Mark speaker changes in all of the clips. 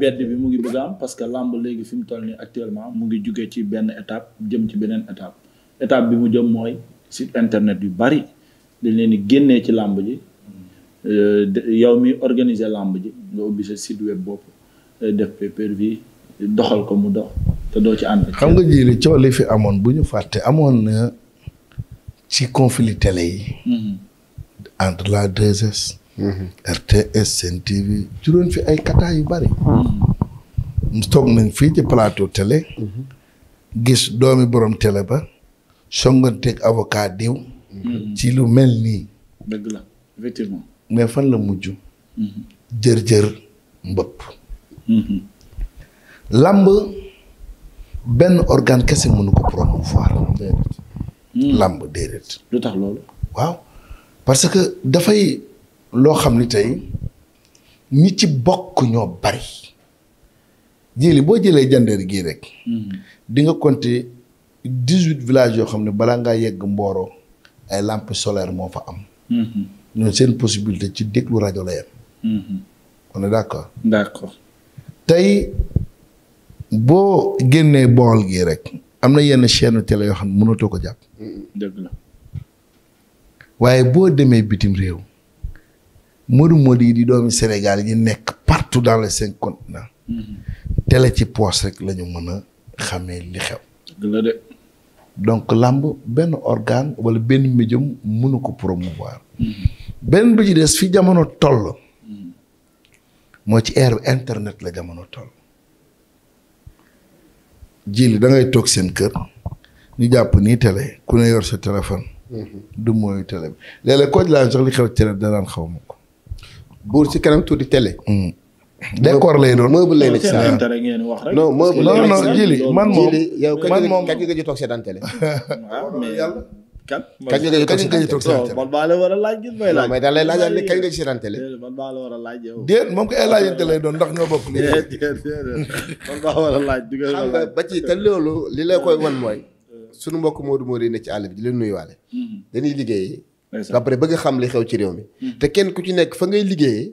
Speaker 1: bedd bi mu ngi bëgg am parce que làmb léegi fi toll nii actuellement mu ngi jugee ci benn étape jëm ci beneen étape étape bi mu jëm mooy site internet yu bari dañ leen di génnee ci làmb ji euh, yow mi organiser làmb ji nga ubbi sa site web bopp euh, def pay bi doxal ko mu dox te doo ci ànd. xam nga ji
Speaker 2: li coow li fi amoon bu ñu fàtte amoon na ci conflit télé yi. Mm-hmm. entre la 2S. Mm-hmm. RTS Sen TV juróon fi ay kataa yu bari mm-hmm. toog nañ fii ci plateau télé mm-hmm. gis doomi borom télé ba songanteeg avocat diw ci lu mel nii dëgg la mais fan la mujj jër-jër mbëpp lamb benn organ kese mënu ko promouvoir mm. lamb déedéet lu tax loolu waaw parce que dafay loo xam ni tey ñi ci bokk ñoo bari jili boo jëlee jandeer gii rek mm-hmm. dinga nga compter dix-huit yoo xam ne balaa ngaa yegg mbooroo ay lampes solaires moo fa am mm-hmm. ñoom seen possibilité ci déglu rajo la yem mm-hmm. on est d'accord d'accord tey boo génnee bool gii rek am na yenn chaîne télé yoo xam ne mënatoo ko jàpp waaye boo demee bitim réew Modou Modou yi di doomi Sénégal yi nekk partout dans les cinq continents.
Speaker 3: Mm-hmm.
Speaker 2: tele ci poos rek lañu mën a xamee li xew. dëgg de. donc làmb benn organ wala benn médium mënu ko promouvoir. Mm-hmm. benn bi ci des fi jamono toll. Mm-hmm. moo ci ère internet la jamono toll. jili li dangay toog seen kër. ñu jàpp nii télé ku ne yor sa téléphone. du mooy télé bi léeg koo ci laaj sax li xew ci télé danaan xaw ma. buur si kanam tuuti télé. Mm.
Speaker 4: décor lay doon meuble lay nekk si ngeen
Speaker 1: wax rek. non meuble non
Speaker 4: man moom yow kañ nga kañ nga toog seetaan télé. Ah, waaw mais yàlla. kan kañ nga kañ
Speaker 2: nga war a laaj gis
Speaker 4: may laaj. mais daal lay laajal ni kañ la
Speaker 1: war a laaj
Speaker 2: yow. déet moom ko ay laajante lay doon ndax ñoo bokk. déet déet man
Speaker 4: a laaj. xam nga ba ci te loolu li lay koy wan mooy. sunu mbokk Modou Modou yi ne ci àll bi di leen nuyuwaale. Mm-hmm. dañuy liggéey ba pare bëgg xam li xew ci réew mi. Hmm. te kenn ku ci nekk fa ngay liggéeyee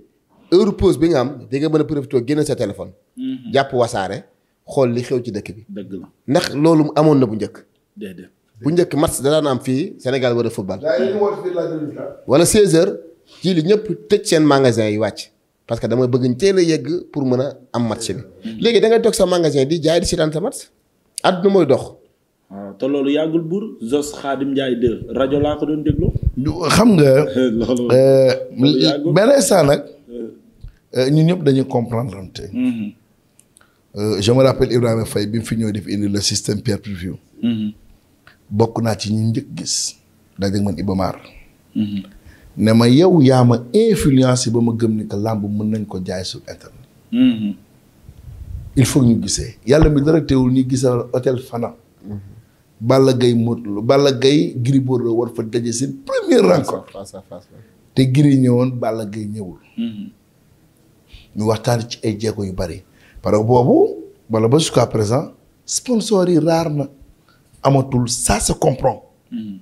Speaker 4: heure pause bi nga am di nga mën a profité génne sa téléphone. Hmm. jàpp wasaare xool li xew ci dëkk bi. ndax loolu mu amoon na bu njëkk. bu njëkk match da daan am fii Sénégal war a football. wala 16h li ñëpp tëj seen magasin yi wàcc. parce que dama bëgg teel a yegg pour mën a am match bi. Hmm. léegi da ngay sa magasin di jaay di seetaan sa
Speaker 2: match. àdduna mooy dox.
Speaker 1: te loolu yàggul buur Zos Xaadim Njaay 2 rajo laa ko doon déglu.
Speaker 2: xam nga. loolu beneen euh, saa nag. Euh. Euh, ñun ñëpp dañuy comprendre te.
Speaker 3: Mm-hmm.
Speaker 2: je me rappelle Ibrahima Faye bi mu fi ñëw def indi le système peer review. Mm-hmm. bokk naa ci ñu njëkk gis. daje man Ibamar. Mm-hmm. ne ma yow yaa ma influencé ba ma gëm ni que làmb mën nañ ko jaay sur
Speaker 3: internet.
Speaker 2: il faut ñu gisee yàlla mi dara teewul ñu gisal hôtel Fana. Balla Gaye Modou Lo Balla Gaye Gris Bordeaux war fa daje seen première rencontre face à face te Gris woon Balla Gaye ñëwul mm-hmm. ñu waxtaan ci ay jéego yu bari parce boobu wala ba su jusqu'à présent sponsors yi raar na amatul ça se comprend mm-hmm.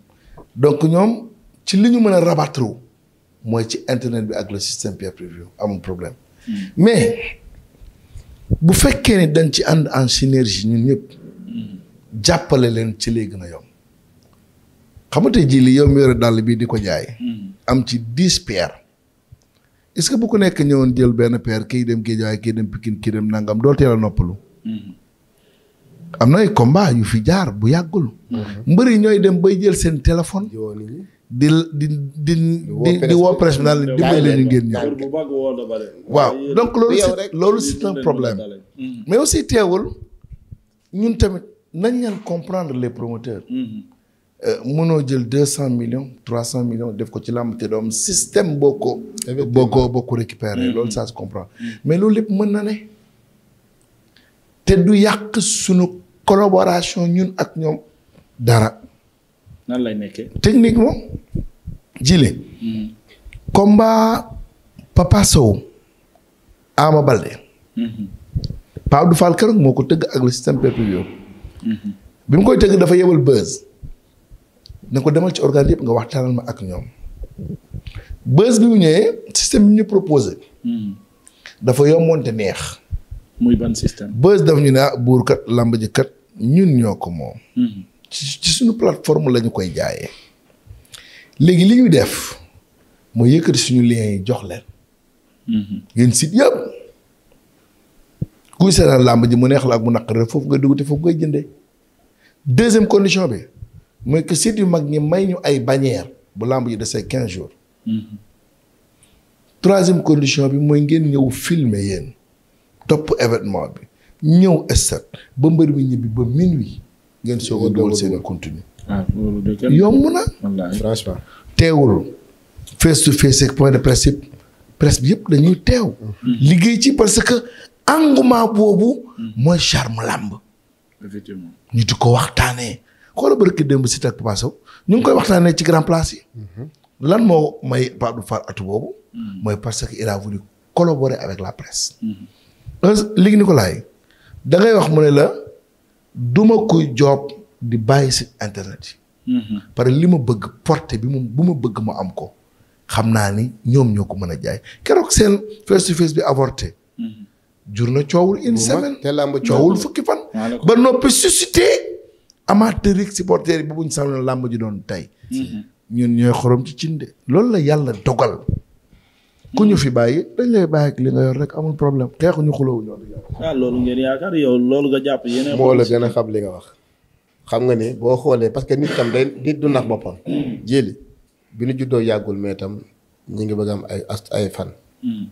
Speaker 2: donc ñoom ci li ñu mën a rabattre wu mooy ci internet bi ak le système pay per amul problème mm-hmm. mais bu fekkee ne dañ ci ànd en synergie ñun ñëpp jàppale leen ci lay gën a yomb xamante li yow mi dàll bii di ko jaay. Hmm. am ci dix paires est-ce bu ko nekk ñëwoon jël benn paire kii dem Guédiawaye kii dem Pikine kii dem nangam doo teel noppalu. Hmm. am na ay combat yu fi jaar bu yàggul.
Speaker 3: Hmm. mbër yi ñooy dem
Speaker 2: bay jël seen téléphone. di di di di woo presse bi daal di dimbali ñu ngeen ñëw.
Speaker 3: waaw donc loolu.
Speaker 2: loolu c'est teewul ñun tamit. nañ leen comprendre les promoteurs. Mm-hmm. Euh, mënoo jël deux cent millions trois cent millions def ko ci làmb te doom système boo ko. boo ko boo ko récupérer mm-hmm. loolu saa se comprend. Mm-hmm. mais loolu lépp mën na ne. te du yàq sunu collaboration ñun ak ñoom dara.
Speaker 1: nan lay nekkee.
Speaker 2: technique moom. jile. combat Papa Sow. Ama Balde.
Speaker 3: Pape
Speaker 2: Abdou Fall keroog moo ko tëgg ak le système PPV. bi mu koy tëgg dafa yebal buzz ne ko demal ci organe yëpp nga waxtaanal ma ak ñoom buzz bi mu ñëwee système bi ñu proposé. dafa yomboonte neex. muy ban système. buzz daf ñu ne ah, buur kat làmb ñun ñoo ko moom. ci ci suñu plateforme la ñu koy jaaye léegi li ñu def mooy yëkkati suñu liens yi jox leen. yéen mhm. site yëpp. kuy seetaan làmb ji mu neex la ak mu naqare foofu nga dugg te foofu ngay jëndee deuxième condition bi mooy que site yu mag ñi may ñu ay bannière bu làmb ji desee quinze jours. Mm-hmm. troisième condition bi mooy ngeen ñëw filmer yéen topp événement bi ñëw estat ba mbër mi ñibbi ba minuit ngeen soog a dugal seen continue ah, yomb na franchement teewul face to face ak point de presse yëpp presse yëpp dañuy teew mm-hmm. liggéey ci parce que engouement boobu. Hmm. mooy charme làmb. ñu di ko waxtaanee. xoolal barki démb si tak Papa Sow ñu ngi koy hmm. waxtaanee ci grand place yi. Hmm. lan moo may Pape Abdou Fall atu boobu. mooy parce que il a voulu collaborer avec la presse. Euh, léegi Nicolas da ngay wax mu ne la duma kuy joob di bàyyi si internet yi. parce que li ma bëgg porté bi mu bu ma bëgg ma am ko xam naa ni ñoom ñoo ko mën a jaay keroog seen face to face bi avorté. jur na coowul une semaine te làmb coowul fukki
Speaker 3: fan ba noppi suscité
Speaker 2: amateur yi supporter yi bu buñ sax na làmb ji doon tey mm-hmm. ñun ñooy xorom ci de loolu la yàlla dogal ku ñu fi bàyyi dañ lay bàyyi li nga yor rek amul problème xeexuñu xulóowuñu
Speaker 1: ah loolu ngeen nga jàpp yeneen moo la
Speaker 4: gën a xam li nga wax xam nga ne boo xoolee parce que nit tam day nit du nax boppam mm. jéeli bi ñu juddoo yàggul mais tam ñu ngi bëgg am ay ay fan mm.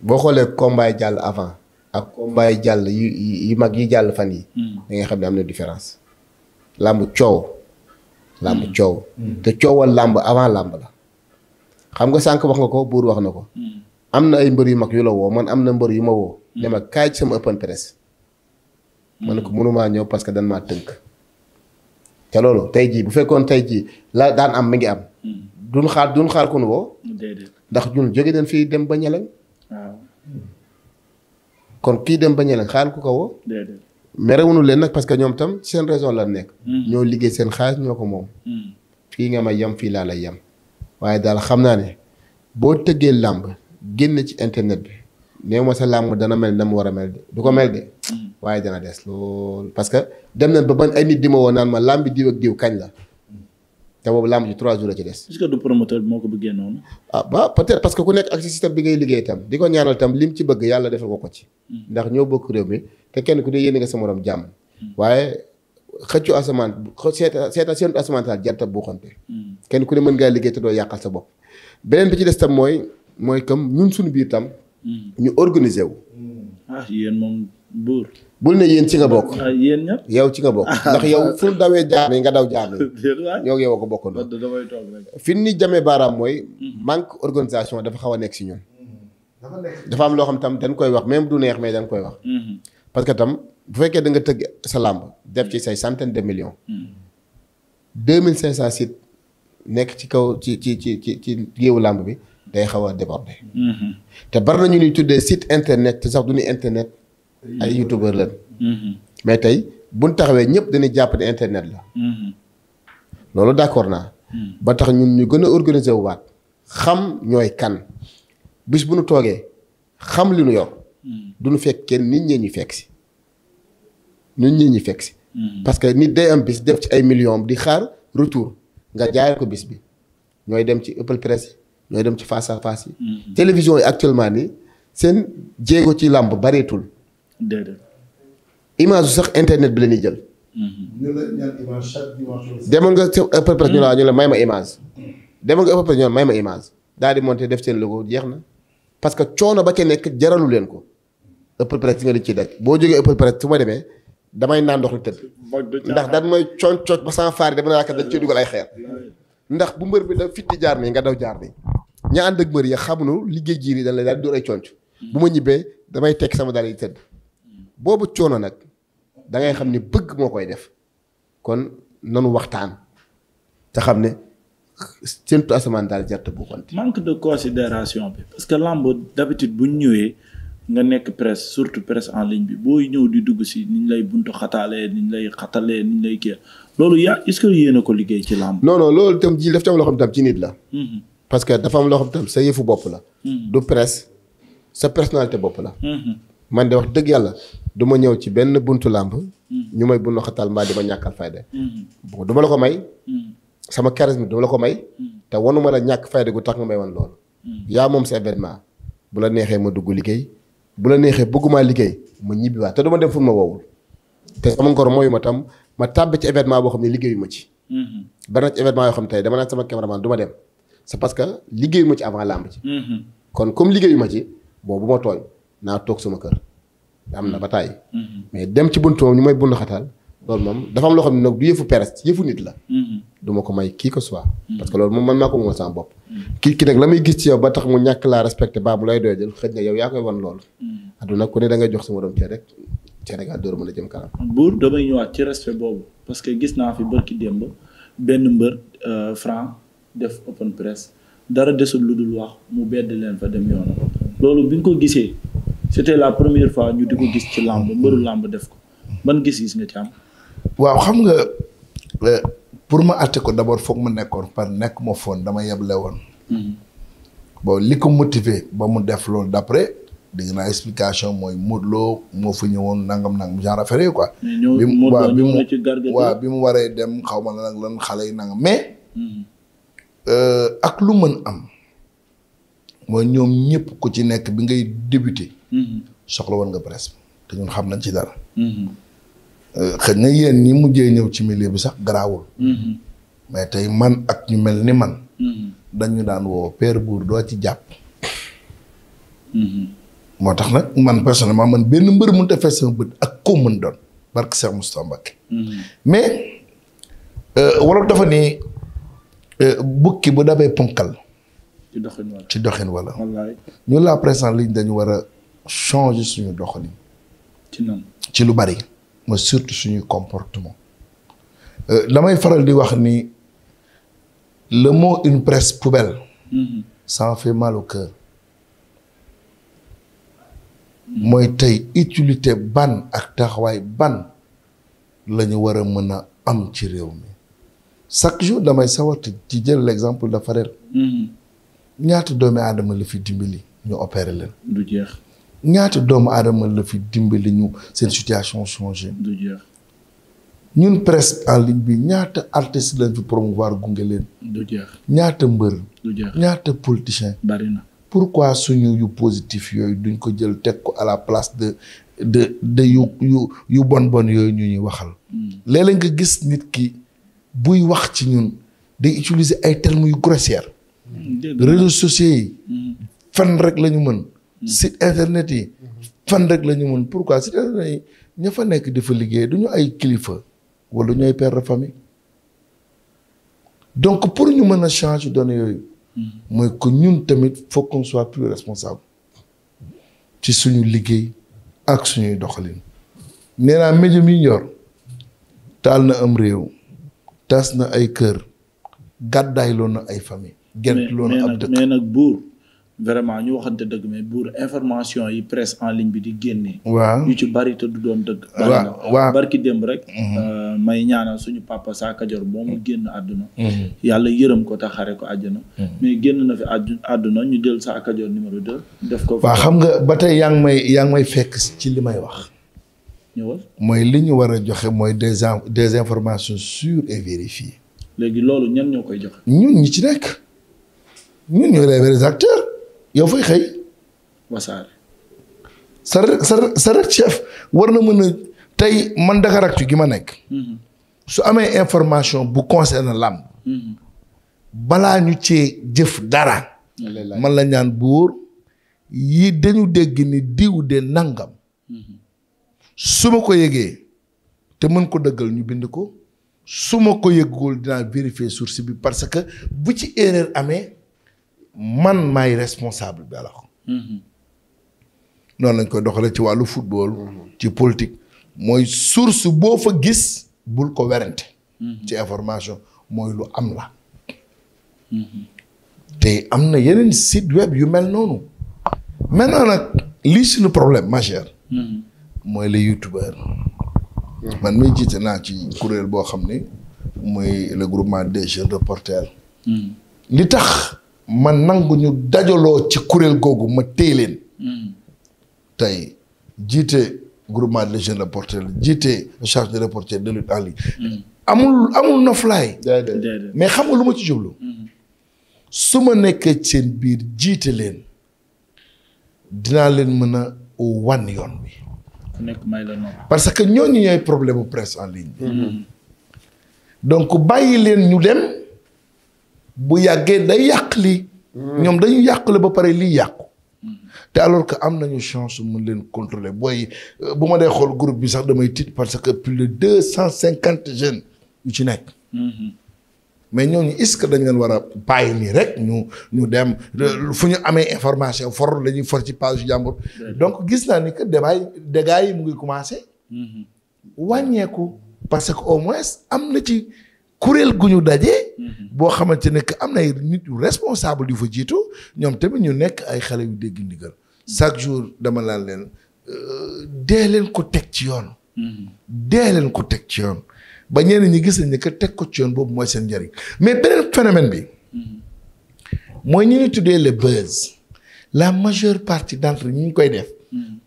Speaker 4: boo xoolee combat jàll avant ak kombaay jàll yi yi mag yi jàll fan yi hmm. da ngay xam ne am na différence làmb coow làmb hmm. coow hmm. te coowal làmb avant làmb la xam nga sànq wax nga ko buur wax na ko am na ay mbër yu mag yu la woo man am na mbër yu ma woo dem ma kaay sama open press ma ne ko mënumaa ñëw parce que dan maa tënk te loolu tey jii bu fekkoon tey jii la daan am mi ngi am duñ xaar duñ xaar ku nu woo ndax ñun jóge den fii dem ba ñeleñ kon kii dem ba ñeneen xaar ku ko woo. leen nag parce que ñoom tam seen raison la nekk. Hmm. ñoo liggéey seen xaalis ñoo ko moom. Hmm. fii nga ma yem fii laa lay yem. waaye daal xam naa ne boo tëggee làmb génn ci internet bi néew ma sa làmb dana mel na mu war a mel de du ko mel de. Hmm. waaye dana des lool parce que dem nañ ba ban ay nit di ma woon naan ma làmb diw ak diw kañ la. te boobu làmb ji trois jours la ci des. promoteur bi moo ko bëggee noonu. ah ba peut-être parce que ku nekk ak si système bi ngay liggéey itam di ko ñaanal itam lim ci bëgg yàlla defal ko ko ci. Hmm. ndax ñoo bokk réew mi te kenn ku ne yéene nga sa morom jàmm. Hmm. waaye xëccu asamaan seeta seeta séentu asamaan daal jarta bu
Speaker 3: hmm.
Speaker 4: kenn ku ne mën ngaa liggéey te doo yàqal sa bopp. beneen bi ci des tam mooy mooy comme ñun suñu biir tam. ñu organiser wu.
Speaker 1: ah yéen moom bul ne yéen ci nga bokk. Ah, yéen ñëpp
Speaker 4: yow ci nga bokk. Ah, ndax yow ah. fu dawee jaam yi nga daw jaam yi.
Speaker 1: yow yow a ko bokkandoo.
Speaker 4: fi ni jamee baaraam mooy. Mhm. manque organisation dafa xaw a mhm. nekk si ñun. dafa am loo xam tam dañ koy wax même du neex mais danga koy wax. Mhm. parce que tam bu fekkee da nga tëgg sa làmb def ci say centaine de million deux mille cinq cent sites nekk ci kaw ci ci ci ci ci géewu làmb bi day xaw a déborder. te bari na ñu ñuy tuddee site internet te sax du ñu internet. ay youtubeur lan mm-hmm. mais tey buñ taxawee ñëpp dañuy jàpp internet la. Mm-hmm. loolu d'accord naa. Mm-hmm. ba tax ñun ñu gën a organiser wu waat xam ñooy kan bis bu nu toogee xam li nu yor. du nu fekk kenn nit ñee ñu fekk si. nit ñee ñu fekk si. parce que nit day am bis def ci ay millions di xaar retour nga jaayal ko bis bi ñooy dem ci ëppal presse ñooy dem ci face à face yi. télévision yi actuellement nii seen jéego ci làmb bareetul. déedéet image sax internet bi la ñuy jël.
Speaker 2: ñu la
Speaker 4: nga ci ëpp presse ñu la ñu la may ma image. demoon nga ëpp presse may ma image daal di monté def seen logo jeex na parce que coono ba ca nekk jaralu leen ko ëpp presse nga li ciy daj boo jógee ëpp presse su ma demee damay naan ndox lu tëdd. ndax daan may coono coono ba sans faar dama ne laa kat dañ cee ay xeer. ndax bu mbër bi da fit jaar nii nga daw jaar nii ñaa ànd ak mbër yi xamuñu liggéey jiir yi dañ lay daal di door ay conc bu ma ñibbee damay tekk sama daal yi tëdd boobu coono nag da ngay xam ne bëgg moo koy def kon nanu waxtaan te xam ne
Speaker 1: séntu asamaan daal jarte bu konti manque de consideration bi parce que lamb d'habitude bu ñu ñëwee nga nekk presse surtout presse en ligne bi booy ñëw di dugg si niñ lay buntu xataalee niñ lay xatalee niñ lay kii loolu yaa est-ce que yéen ko liggéey ci lamb. non non loolu ji daf
Speaker 4: ci am loo xam tam ci nit la. Mm-hmm. parce que dafa am loo xam tam sa yëfu bopp la. Mm-hmm. du presse sa personnalité bopp la. Mm-hmm. man de wax dëgg yàlla du ma ñëw ci benn buntu làmb hmm. ñu may bundu xatal mbaa di ma ñàkkal fayda hmm. bon du la ko may hmm. sama charisme du la ko may te wanuma la ñàkk fayda gu tax nga may wan loolu yaa moom sa événement bu la neexee ma dugg liggéey bu la neexee bëggumaa liggéey ma ñibbiwaat te du ma dem ma woowul te sama ngor mooyu ma tam ma tàbbi ci événement boo xam ne liggéeyu ma ci bari na ci yoo xam tey dama naan sama cameraman du dem c'est parce que liggéeyu ma ci avant làmb ci kon comme liggéeyu ma ci boobu ma tooñ naa toog sama kër am na hmm. ba tàyyi hmm. mais dem ci buntu moom ñu may bund xatal loolu moom dafa am loo xam ne nag du yëfu presse yëfu nit la hmm. du ko may kii ko soit parce que loolu moom man maa ko moomal sama bopp kii ki nag la muy gis ci yow ba tax mu ñàkk laa respecte baa bu lay doy jël xëj na yow
Speaker 1: yaa koy wan loolu adduna ku ne da jox sama doom cee rek Sénégal door mën a jëm kanam buur damay ñëwaat ci respect parce que gis naa fi bërki démb benn mbër euh, franc def open press dara desul lu dul wax mu bedd leen fa dem yoonu loolu bi ko gisee c'était la première fois ñu di ko gis ci làmb mbëru làmb def ko ban gis-gis nga
Speaker 2: ci am. waaw xam nga euh, pour ma àtte ko d'abord foog ma nekkoon par nekk ma foon dama yeble woon. Mhm. bon li ko motiver ba mu def loolu d'après dégg naa explication mooy Modou loo moo fa ñëwoon nangam nangam genre affaire yi quoi. mu waaw bi bi mu waree dem xaw ma nag lan xale yi nangam mais. Mhm. Euh, ak lu mën am. mooy ñoom ñëpp ku ci nekk bi ngay débuté. Mm-hmm. soxla woon nga presse te ñun xam nañ ci dara. Mm-hmm. Euh, xëy na yéen ñi mujjee ñëw ci milieu bi sax garaawul. Mm-hmm. mais tey man ak ñu mel ni man. dañu daan woo père buur doo ci jàpp. moo tax nag man personnellement man benn mbër mun a fees sama bët ak koo mën doon barke Cheikh Moustapha Mbacké. mais euh, wolof dafa ni euh, bukki bu dabee ponkal. ci doxin wala ci doxin wala. la presse en ligne dañu war a changer suñu doxalin. ci lu bari. ma surtout suñu comportement. damay euh, faral di wax ni le mot une presse poubelle. Mm-hmm. ça fait mal au mooy tey utilité ban ak taxawaay ban la ñu war a mën a am ci réew mi chaque jour damay sawar ci jël l'exemple de Farel. Mm-hmm. ñaata doomi aadama la fi dimbali ñu opéré leen. du jeex. ñaata doomu aadama la fi dimbali ñu seen situation changé. du jeex. ñun presque en ligne bi ñaata artiste lañ fi promouvoir gunge leen. du jeex. ñaata mbër. du jeex ñaata politicien. bari na pourquoi suñu yu positif yooyu duñ ko jël teg ko à la place de de yu yu yu bon bon yooyu ñu ñuy waxal. Hmm. léeg-léeg nga gis nit ki buy wax ci ñun day utiliser ay termes yu grossière
Speaker 3: réseaux sociaux yi. Mm-hmm.
Speaker 2: fan rek lañu mën. Mm-hmm. site internet yi. fan rek la ñu mën pourquoi site internet yi ña fa nekk di fa liggéey du ñu ay kilifa wala ñooy père de famille. donc pour ñu mën a changer données yooyu. Mm-hmm. mooy que ñun tamit faut qu'on soit plus responsable. ci suñu liggéey ak suñuy doxalin. nee naa média mi ñor taal na am réew. tas na ay kër. gàddaay gàddaayloo
Speaker 1: na ay famille.
Speaker 2: gerte loolu am
Speaker 1: dëkk mais nag buur vraiment ñu waxante dëgg mais buur information yi presse en ligne bi di génnee. waa yu ci bari te du doon dëgg. waaw waaw barki démb rek. Mhm. Euh, may ñaanal suñu papa saa Kajoor boo mu génn àdduna. Mhm. yàlla yërëm ko taxare ko àjjana. Mhm. mais génn na fi àdduna ñu del saa Kajoor numéro 2. def ko waaw xam
Speaker 2: nga ba tey yaa ngi may yaa ngi may fekk ci li may wax. ñëwal mooy li ñu war a joxe mooy des des informations sûres et vérifiées.
Speaker 1: léegi loolu ñan ñoo koy joxe.
Speaker 2: ñun ñun ñooy les vrais acteurs yow fay xëy. sa sa sa rek chef war na mën a tey man Dakaractu gi ma nekk. Mhm. su amee information bu concerne làmb. Mhm. balaa ñu ci jëf dara. man la ñaan buur yi dañu dégg ni diw de nangam. Mhm. su ma ko yëgee te mën ko dëggal ñu bind ko su ma ko yëggul dinaa vérifier source bi parce que bu ci erreur amee. man maay responsable bi alors mhm. noonu lañ koy doxalee ci wàllu football. ci politique mooy source boo fa gis bul ko werante mhm. ci information mooy lu am la. Mhm. te am na yeneen sit web yu mel noonu. maintenant nag lii suñu problème majeur. mooy les youtubeurs. man mi jiite naa ci kuréel boo xam ne mooy le groupement des jeunes reporters. li tax. ma nangu ñu dajaloo ci kuréel googu ma téye leen. tey jiite groupement des jeunes reporters jiite charge de reporter de lutte en amul amul noflaay. mais xam nga lu ma ci jublu. su ma nekkee seen biir jiite leen dinaa leen mën a wan yoon bi. parce que ñooñu ñooy problème mu presse en ligne. Mm-hmm. donc bàyyi leen ñu dem. bu yàggee day yàq lii. ñoom dañu yàqule ba pare lii yàqu. te alors que am nañu chance mun leen contrôler booy euh, bu ma dee xool groupe bi sax damay tiit parce que plus de deux cent cinquante jeunes yu ci nekk. mais ñooñu est-ce que dañ leen war a bàyyi nii rek ñu ñu dem euh, fu ñu amee information for la ñuy for ci page jàmbur. donc gis naa ni que débat yi dégâts yi mu ngi commencé. Mm-hmm. wàññeeku parce que au moins am na ci. kuréel gu ñu daje. Mhm. boo xamante ne que am na ay nit yu responsable yu fa jiitu ñoom tamit ñu nekk ay xale yu dégg ndigal chaque jour dama naan leen euh, dee leen ko teg ci yoon. Mhm. dee leen ko teg ci yoon ba ñenn ñi gis nañ ne que teg ko ci yoon boobu mooy seen njariñ mais beneen phénomène bi. Mhm. mooy ñu ñu tuddee les buzz la majeure partie d'entre ñi ñu koy def.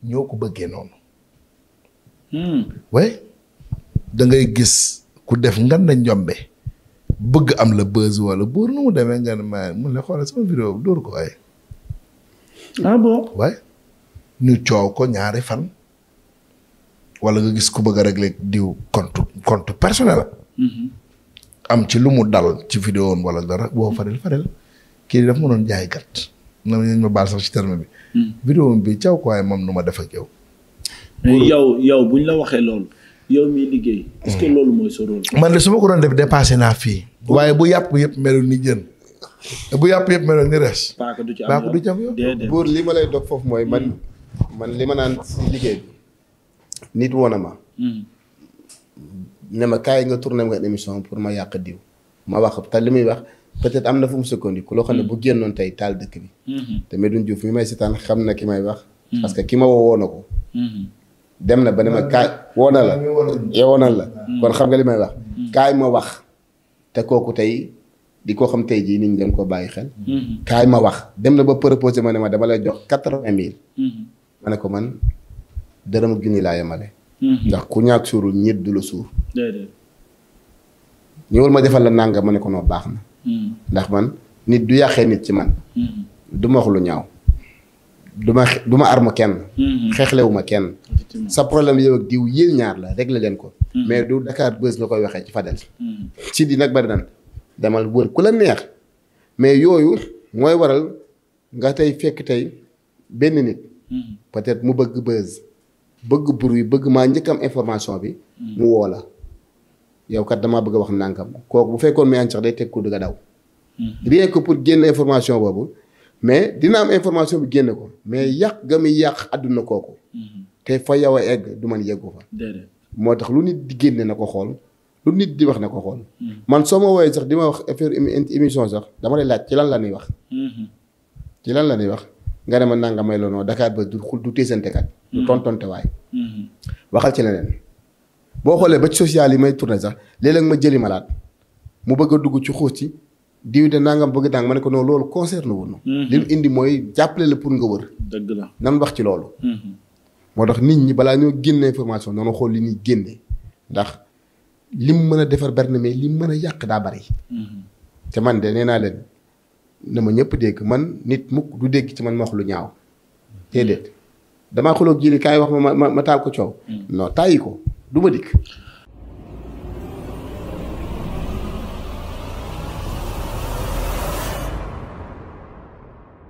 Speaker 2: ñoo ko bëggee noonu. Hmm. oui da gis. ku def ngan na njombe bëgg am la buzz wala buur nu mu demee nga ne maa mun la xoolal sama vidéo bi dóor ko waaye. ah bon waaye ñu coow ko ñaari fan. wala nga gis ku bëgg a régler diw compte compte personnel mm-hmm. am ci lu mu dal ci vidéo am dara boo faril faril kii def daf mënoon jaay gàtt. na ma baal sax ci terme bi. Mm. vidéo bi caw ko waaye moom nu ma def ak yow.
Speaker 1: yow yow buñ la waxee loolu. yow miy liggéey. Hmm. man
Speaker 2: de su ma ko doon def dépassé naa fii. waaye bu yàpp yëpp melul ni jën. bu yàpp yëpp meloon ni res.
Speaker 4: paaka du ci am yoon du ci am buur li ma lay dog foofu mooy man hmm. man li ma naan si liggéey bi nit woon na ma. Hmm. ne ma kaay nga tourné nga émission pour ma yàq diw. ma wax te li muy wax peut-être am na fu mu sukkandiku loo xam ne bu génnoon tey taal dëkk bi. te Medoune Diouf mi may seetaan xam na ki may wax. parce que ki ma woo ko. dem na ba ne ma kaay woo la yowoo na la hmm. kon xam nga li may wax hmm. kaay ma wax te kooku tey di koo xam tey jii nit ñi dañ ko bàyyi xel
Speaker 3: hmm. kaay ma
Speaker 4: wax dem na ba proposé ma ne ma dama lay jox quatre-vingt mille ma ne ko man dërëm ak junni laa yemale ndax ku ñaag suurul ñett du la suur ñëwul ma defal la nànga ma ne ko noo baax na ndax man nit du yàqee nit ci man du wax lu ñaaw du ma du ma arme kenn. Mm-hmm. xeexlewuma kenn. sa problème yow ak diw yéen ñaar la réglé leen ko.
Speaker 3: Mm-hmm. mais du
Speaker 4: Dakar Buzz nga koy waxee ci Fadel. Mm-hmm. si di nag bari na demal wër ku la neex mais yooyu mooy waral nga tey fekk tey benn nit. peut-être mu bëgg Buzz bëgg bruit bëgg maa njëkkam information bi. mu woo la yow kat damaa bëgg a wax nànkam kooku bu fekkoon muy ànd day teg ku dugg a daw. rien que pour génn information boobu. mais dina am information bi génn ko mais yàq ga muy yàq àdduna kooku. Mhm. te fa yow a egg du man yeggu fa. moo tax lu nit di génne na ko xool lu nit di wax na ko xool. Mhm. man soo ma woowee sax di ma wax affaire émission sax dama lay laaj ci lan la ñuy wax. Mhm. ci lan la ñuy wax nga ne ma nangamay la noo Dakar ba du xul du teesante kat. du tontonte waay. waxal ci leneen. boo xoolee ba ci social yi may tourné sax léeg-léeg ma jëli ma laat mu bëgg a dugg ci xuus ci diw de nangam bëgg tàng ma ne ko non loolu concerne wuñu mhm. li mu indi mooy jàppale la pour nga wër. dëgg la nan wax ci loolu. Mhm. moo tax nit ñi balaa ñoo génne information noonu xool li ñuy génne ndax li mu mën a defar bari na mais lim mën a yàq daa bari. Mhm. te man de nee naa leen na ma ñëpp dégg man nit mukk du dégg ci man ma wax lu ñaaw. déedéet damaa xooloo ji li kaay wax ma ma ma taal ko coow. non tàyyi ko du ma dikk.